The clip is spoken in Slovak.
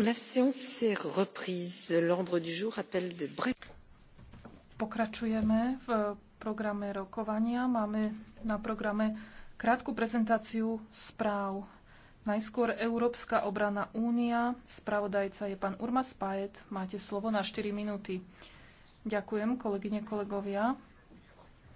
Pokračujeme v eh, programe rokovania. Máme na programe krátku prezentáciu správ. Najskôr Európska obrana únia. Spravodajca je pán Urmas Spajet. Máte slovo na 4 minúty. Ďakujem, kolegyne, kolegovia.